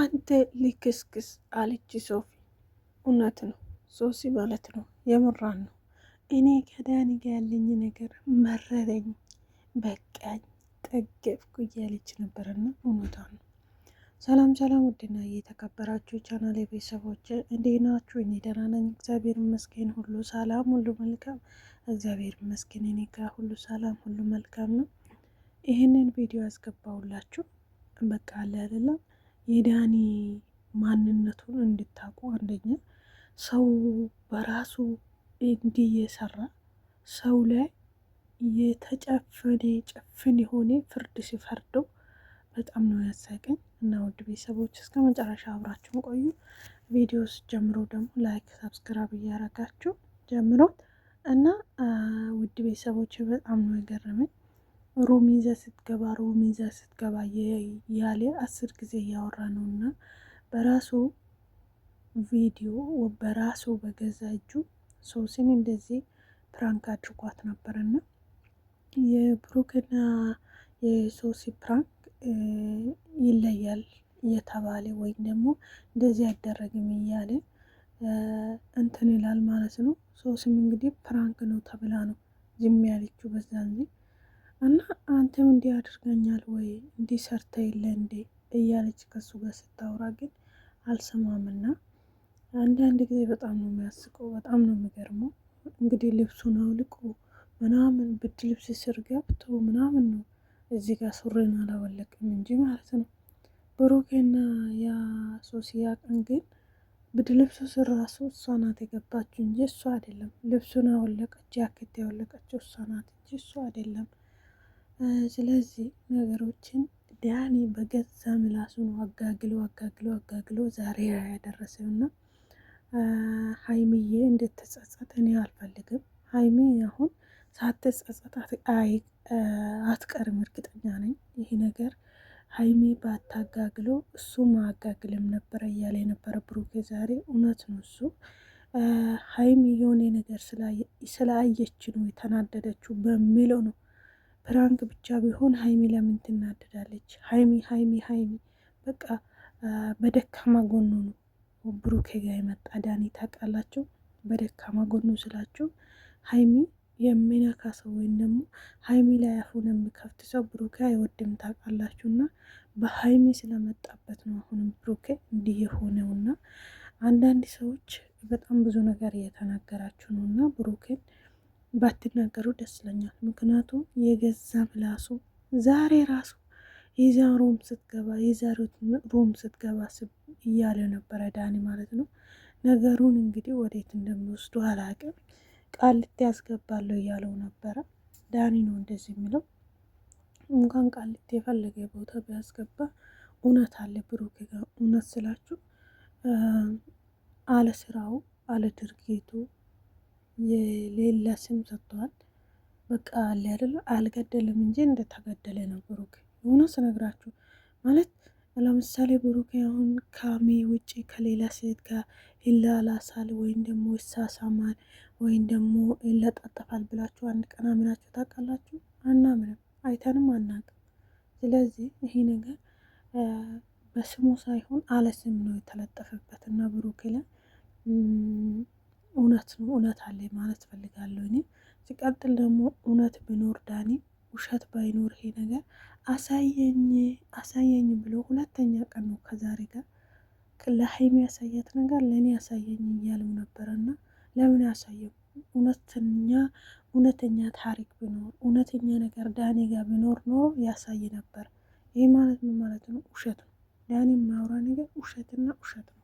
አንተ ልክስክስ አለች ሶፊ። እውነት ነው ሶሲ ማለት ነው፣ የምራን ነው። እኔ ከዳኒ ጋ ያለኝ ነገር መረረኝ፣ በቃኝ፣ ጠገብኩ እያለች ነበረና እውነቷ ነው። ሰላም ሰላም ውድና እየተከበራችሁ ቻናል የቤተሰቦች እንዴት ናችሁ? እኔ ደህና ነኝ፣ እግዚአብሔር ይመስገን። ሁሉ ሰላም፣ ሁሉ መልካም፣ እግዚአብሔር ይመስገን። እኔ ጋር ሁሉ ሰላም፣ ሁሉ መልካም ነው። ይህንን ቪዲዮ ያስገባውላችሁ በቃ አለ የዳኒ ማንነቱን እንድታውቁ፣ አንደኛ ሰው በራሱ እንዲ የሰራ ሰው ላይ የተጨፈነ ጭፍን የሆነ ፍርድ ሲፈርደው በጣም ነው ያሳቀኝ። እና ውድ ቤተሰቦች እስከ መጨረሻ አብራችሁን ቆዩ። ቪዲዮ ጀምሮ ደግሞ ላይክ፣ ሰብስክራይብ እያረጋችሁ ጀምሮ እና ውድ ቤተሰቦች በጣም ነው የገረመኝ። ሩም ይዘ ስትገባ ሩም ይዘ ስትገባ ያለ አስር ጊዜ እያወራ ነው እና በራሱ ቪዲዮ በራሱ በገዛ እጁ ሶሲን እንደዚህ ፕራንክ አድርጓት ነበር እና የብሩክና የሶሲ ፕራንክ ይለያል እየተባለ ወይም ደግሞ እንደዚህ አይደረግም እያለ እንትን ይላል ማለት ነው። ሶስም እንግዲህ ፕራንክ ነው ተብላ ነው ዝም ያለችው በዛን እና አንተም እንዲህ አድርገኛል ወይ እንዲህ ሰርተ የለ እንዴ እያለች ከሱ ጋር ስታወራ ግን አልሰማምና አንዳንድ ጊዜ በጣም ነው የሚያስቀው፣ በጣም ነው የሚገርመው። እንግዲህ ልብሱን አውልቆ ምናምን ብድ ልብስ ስር ገብቶ ምናምን ነው እዚህ ጋር ሱሪን አላወለቅም እንጂ ማለት ነው። ብሩኬና ያ ሶሲያ ቀን ግን ብድ ልብሱ ስራሱ እሷ ናት የገባችው እንጂ እሷ አይደለም። ልብሱን አወለቀች፣ ጃኬት ያወለቀችው እሷ ናት እንጂ እሷ አይደለም። ስለዚህ ነገሮችን ዳኒ በገዛ ምላሱን አጋግሎ አጋግሎ አጋግሎ ዛሬ ያደረሰውና ሀይሚዬ እንድትጸጸት እኔ አልፈልግም። ሀይሚ አሁን ሳትጸጸት አይ አትቀርም፣ እርግጠኛ ነኝ። ይህ ነገር ሀይሚ ባታጋግለው እሱ ማጋግልም ነበረ እያለ የነበረ ብሩኬ ዛሬ እውነት ነው እሱ ሀይሚ የሆነ ነገር ስለአየች ነው የተናደደችው በሚለው ነው። ፕራንክ ብቻ ቢሆን ሀይሚ ለምን ትናደዳለች? ሀይሚ ሀይሚ ሀይሚ በቃ በደካማ ጎኑ ነው ብሩኬ ጋ የመጣ ዳኒ ታውቃላችሁ። በደካማ ጎኑ ስላችሁ ሀይሚ የሚነካ ሰው ወይም ደግሞ ሀይሚ ላይ አፉን የሚከፍት ሰው ብሩኬ አይወድም ታውቃላችሁ። እና በሀይሚ ስለመጣበት ነው አሁንም ብሩኬ እንዲህ የሆነው። እና አንዳንድ ሰዎች በጣም ብዙ ነገር እየተናገራችሁ ነው እና ብሩኬን ባትናገሩ ደስ ይለኛል። ምክንያቱም የገዛ ምላሱ ዛሬ ራሱ የዛ ሮም ስትገባ የዛ ሮም ስትገባ እያለ ነበረ ዳኒ ማለት ነው። ነገሩን እንግዲህ ወዴት እንደሚወስዱ አላቅም። ቃሊቲ ያስገባለሁ እያለው ነበረ። ዳኒ ነው እንደዚህ የሚለው። እንኳን ቃሊቲ የፈለገ ቦታ ቢያስገባ እውነት አለ ብሩክ ጋር። እውነት ስላችሁ አለ ስራው አለ ድርጊቱ የሌለ ስም ሰጥተዋል። በቃ አለ አይደለ አልገደልም እንጂ እንደተገደለ ነው ብሩክ። እውነት ስነግራችሁ ማለት ለምሳሌ ብሩኬ አሁን ካሜ ውጭ ከሌላ ሴት ጋር ይላላሳል ወይም ደግሞ ይሳሳማል ወይም ደግሞ ይለጣጠፋል ብላችሁ አንድ ቀን አምናችሁ ታውቃላችሁ? አናምንም፣ አይተንም አናውቅም። ስለዚህ ይሄ ነገር በስሙ ሳይሆን አለ ነው የተለጠፈበት እና ብሩኬ ላይ እውነት ነው እውነት አለ ማለት ፈልጋለሁ እኔ። ሲቀጥል ደግሞ እውነት ብኖር ዳኒ ውሸት ባይኖር ይሄ ነገር አሳየኝ አሳየኝ ብሎ ሁለተኛ ቀን ነው ከዛሬ ጋር ለሀይሚ ያሳያት ነገር ለእኔ ያሳየኝ እያለው እና ለምን ያሳየው? እውነተኛ እውነተኛ ታሪክ ቢኖር እውነተኛ ነገር ዳኔ ጋር ቢኖር ኖሮ ያሳይ ነበር። ይህ ማለት ምን ማለት ነው? ውሸት ነው። ዳኔ የሚያወራ ነገር ውሸትና ውሸት ነው።